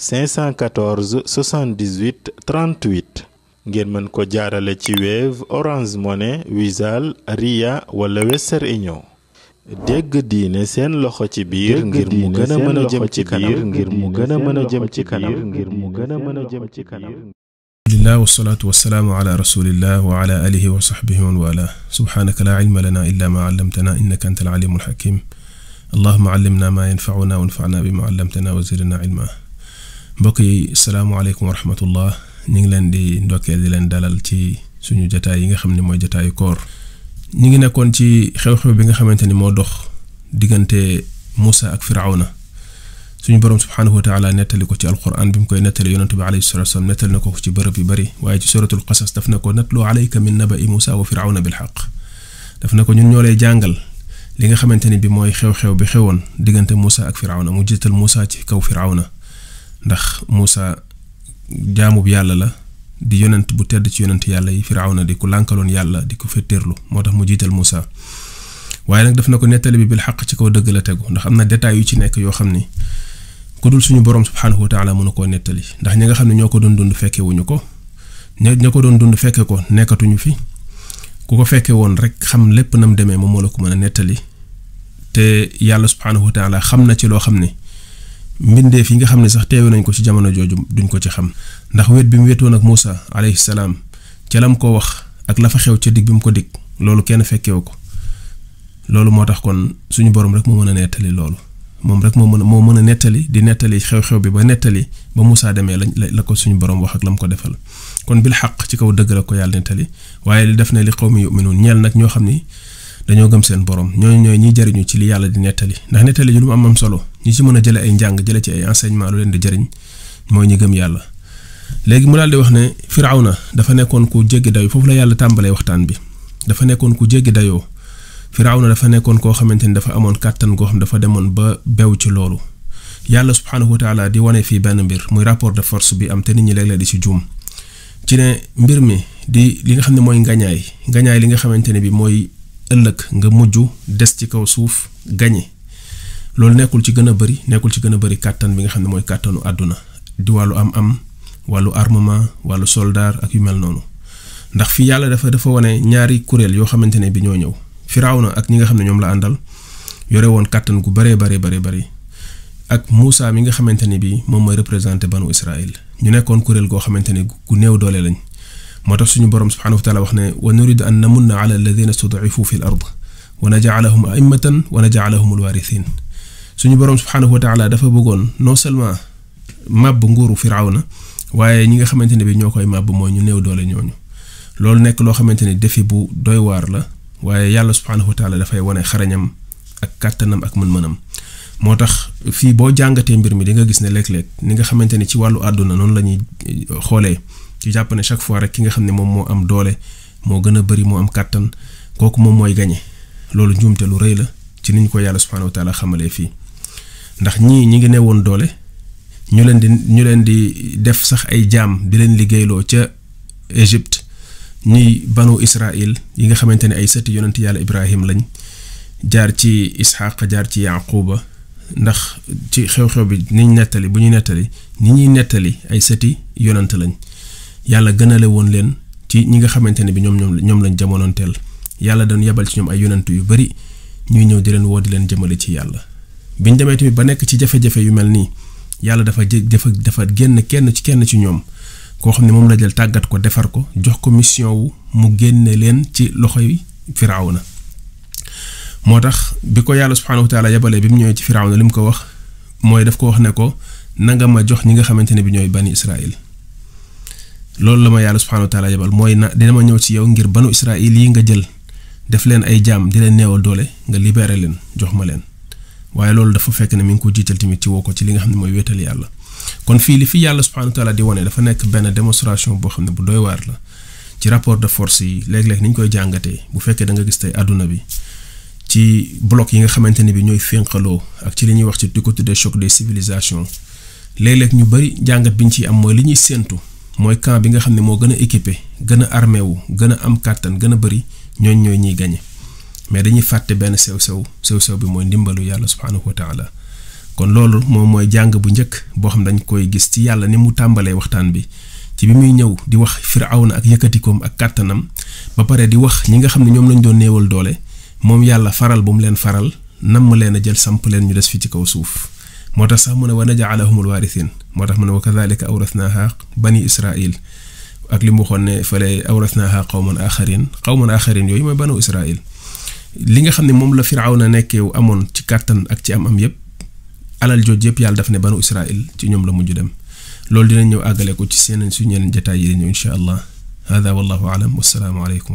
514 78 38 ngeen mën ko jaarale ci Wave Orange Money Wizall Ria wala Western Union dégg diine seen loxo ci biir ngir mu gën a mën a jëm ci kanam ngir mu gën a mën a jëm ci kanam ngir mu gën a mën a jëm ci kanam alhamdulillah wasalaatu wasalaamu ala rasulillah wa ala alihi wa sahbihi wa man wala subhaanaka laa ilma lana illa ma allamtana innaka anta alalimu alxakim allahuma allimna ma yanfauna wanfana bima allamtana wa zidna ilma mbokk yi salaamaaleykum wa rahmatullah ñu ngi leen di ndokkeel di leen dalal ci suñu jataay yi nga xam ne mooy jataayu koor ñu ngi nekkoon ci xew-xew bi nga xamante ni moo dox diggante Muusa ak Firawna suñu borom subhaanahu wa taala nettali ko ci alquran bi mu koy nettali yonent bi alayhi salatu wasalam nettali na ko ci bërëb yu bëri waaye ci suratul qasas daf na ko natlu alayka min naba'i Muusa wa Firawna bil xaq daf na ko ñun ñoo lay jàngal li nga xamante ni bi mooy xew-xew bi xewoon diggante Muusa ak Firawna mu jiital Muusa ci kaw Firawna ndax Moussa jaamub yàlla la di yonent bu tedd ci yonent yàlla yi Firawna di ku lànkaloon yàlla di ko fetteerlu moo tax mu jiital Moussa waaye nag daf na ko nettali bi bil xaq ci kaw dëgg la tegu ndax am na détails yu ci nekk yoo xam ni ku dul suñu borom subxanahu wa taala mënu koo nettali ndax ñi nga xam ne ñoo ko doon dund fekke ñu ko ña ña ko doon dund fekke ko nekkatuñu fi ku ko fekke woon rek xam lépp na nam demee moom moo la ko mën a nettali te yàlla subxanahu wa taala xam na ci loo xam ni. mbindeef yi nga xam ne sax teewe nañ ko ci jamono jooju duñ ko ci xam ndax wet bi mu wetoon ak Moussa alayhi salaam ca lam ko wax ak la fa xew ca dig mu ko dig loolu kenn fekkewu ko loolu moo tax kon suñu borom rek moo mën a nettali loolu moom rek moo mën moo mën a nettali di nettali xew bi ba nettali ba Moussa demee la la ko suñu borom wax ak la mu ko defal kon bil xaq ci kaw dëgg la ko yàlla nettali waaye li def na li xaw mi yuminuun ñel nag ñoo xam ni dañoo gëm seen borom ñooñu ñooy ñiy jariñu ci li yàlla di nettali ndax nettali ji lu mu am am solo ñi ci mën a jële ay njàng jële ci ay enseignement lu leen di jëriñ mooy ñi gëm yàlla léegi mu daal di wax ne na dafa nekkoon ku jéggi dayoo foofu la yàlla tàmbalee waxtaan bi dafa nekkoon ku jéggi dayoo Firawna dafa nekkoon koo xamante ni dafa amoon kàttan goo xam dafa demoon ba bew ci loolu yàlla subhaanahu wa taala di wane fii benn mbir muy rapport de force bi am te nit ñi léeg-léeg di ci juum ci ne mbir mi di li nga xam ne mooy ngañaay ngañaay li xamante ne bi mooy ëllëg nga mujj des ci kaw suuf gañe loolu nekkul ci gën a bëri nekkul ci gën a bëri kàttan bi nga xam ne mooy kàttanu àdduna di wàllu am-am wàllu armement wàllu soldaar ak yu mel noonu ndax fi yàlla dafa dafa wane ñaari kuréel yoo xamante ne bi ñoo ñëw Firawna ak ñi nga xam ne ñoom la àndal yore woon kàttan gu baree baree baree bëri ak Muusa mi nga xamante ne bi moom mooy représenté banu Israël ñu nekkoon kuréel goo xamante ne gu néew doole lañ. moo tax suñu borom subxanahu wa taala wax ne wa nuridu an namunna ala alladina studcifu fi l ard wa najcalahum aimmatan wa najcalahum alwarithin suñu borom subxanahu wa taala dafa bëggoon non seulement màbb nguuru firawna waaye ñi nga xamante ne bi ñoo koy màbb mooy ñu néew doole ñooñu loolu nekk loo xamante ne defi bu doy waar la waaye yàlla subxanahu wa taala dafay wane xarañam ak kàttanam ak mën-mënam. moo tax fii boo jàngatee mbir mi di nga gis ne léeg-léeg ni nga xamante ne ci wàllu àdduna noonu la ñuy xoolee ci jàpp ne chaque fois rek ki nga xam ne moom moo am doole moo gën a bëri moo am kàttan kooku moom mooy gañe loolu njuumte lu rëy la ci niñ ko yàlla subhaanahu wa taala xamalee fii ndax ñii ñi ngi woon doole ñu leen di ñu leen di def sax ay jaam di leen liggéeyloo ca Égypte ñuy banu Israil yi nga xamante ne ay sëti yonent yàlla Ibrahim lañ jaar ci Isxaq jaar ci Yaquba ndax ci xew-xew bi niñ nettali bu ñuy nettali ni ñuy nettali ay sëti yonent lañ yàlla gënale woon leen ci ñi nga xamante ne bi ñoom ñoom ñoom lañ jamonoonteel yàlla doon yebal ci ñoom ay yonent yu bari ñuy ñëw di leen woo di leen jëmale ci yàlla biñ demee ti ba nekk ci jafe-jafe yu mel nii yàlla dafa jë dafa dafa génn kenn ci kenn ci ñoom koo xam ne moom la jël tàggat ko defar ko jox ko mission wu mu génne leen ci loxo yi Firawna moo tax bi ko yàlla subhaanahu wa taala bi mu ñëwee ci Firawna li mu ko wax mooy daf ko wax ne ko nanga ma jox ñi nga xamante ne bi ñooy bani Israël. loolu la ma yàlla subhaanahu wa taala mooy na dina ma ñëw ci yow ngir banu Israayil yi nga jël def leen ay jaam di leen neewal doole nga libéré leen jox ma leen waaye loolu dafa fekk ne mi ngi ko jiital tamit ci woo ko ci li nga xam ne mooy wéetal yàlla kon fii li fi yàlla subhaanahu wa taala di wane dafa nekk benn démonstration boo xam ne bu doy waar la ci rapport de force yi léeg-léeg ni ñu koy jàngatee bu fekkee da nga gis tey àdduna bi ci bloc yi nga xamante ne bi ñooy fénqaloo ci li ñuy wax ci di ko tuddee choc des civilisations léeg ñu bëri jàngat bi ñu ciy am mooy li ñuy séentu mooy camp bi nga xam ne moo gën a équipé gën a armé wu gën a am kàttan gën a bëri ñooñ ñooy ñiy gañe mais dañuy fàtte benn sew sew sew sew bi mooy ndimbalu yàlla subhaanahu wa taala kon loolu moom mooy jàng bu njëkk boo xam ne dañ koy gis ci yàlla ni mu tàmbalee waxtaan bi ci bi muy ñëw di wax firawna ak yëkkatikoom ak kàttanam ba pare di wax ñi nga xam ne ñoom lañ doon néewal doole moom yàlla faral bu mu leen faral namm leen a jël samp leen ñu des fi ci kaw suuf moo tax sax mu ne wa najaalahumul waarithin moo tax mu ne wa kadalika awrasnaaha bani israil ak li mu waxoon ne fale awrasnaaha qawman axarin qawman axarin yooyu mooy banu israil li nga xam ne moom la firawna nekkee amoon ci kàttan ak ci am am yëpp alal jooj yëpp yàlla daf ne banu israil ci ñoom la mujj dem loolu dinañ ñëw àggale ko ci seen suñu yeneen jataay yi dañu incha allah hada wallahu alam wassalaamu aleykum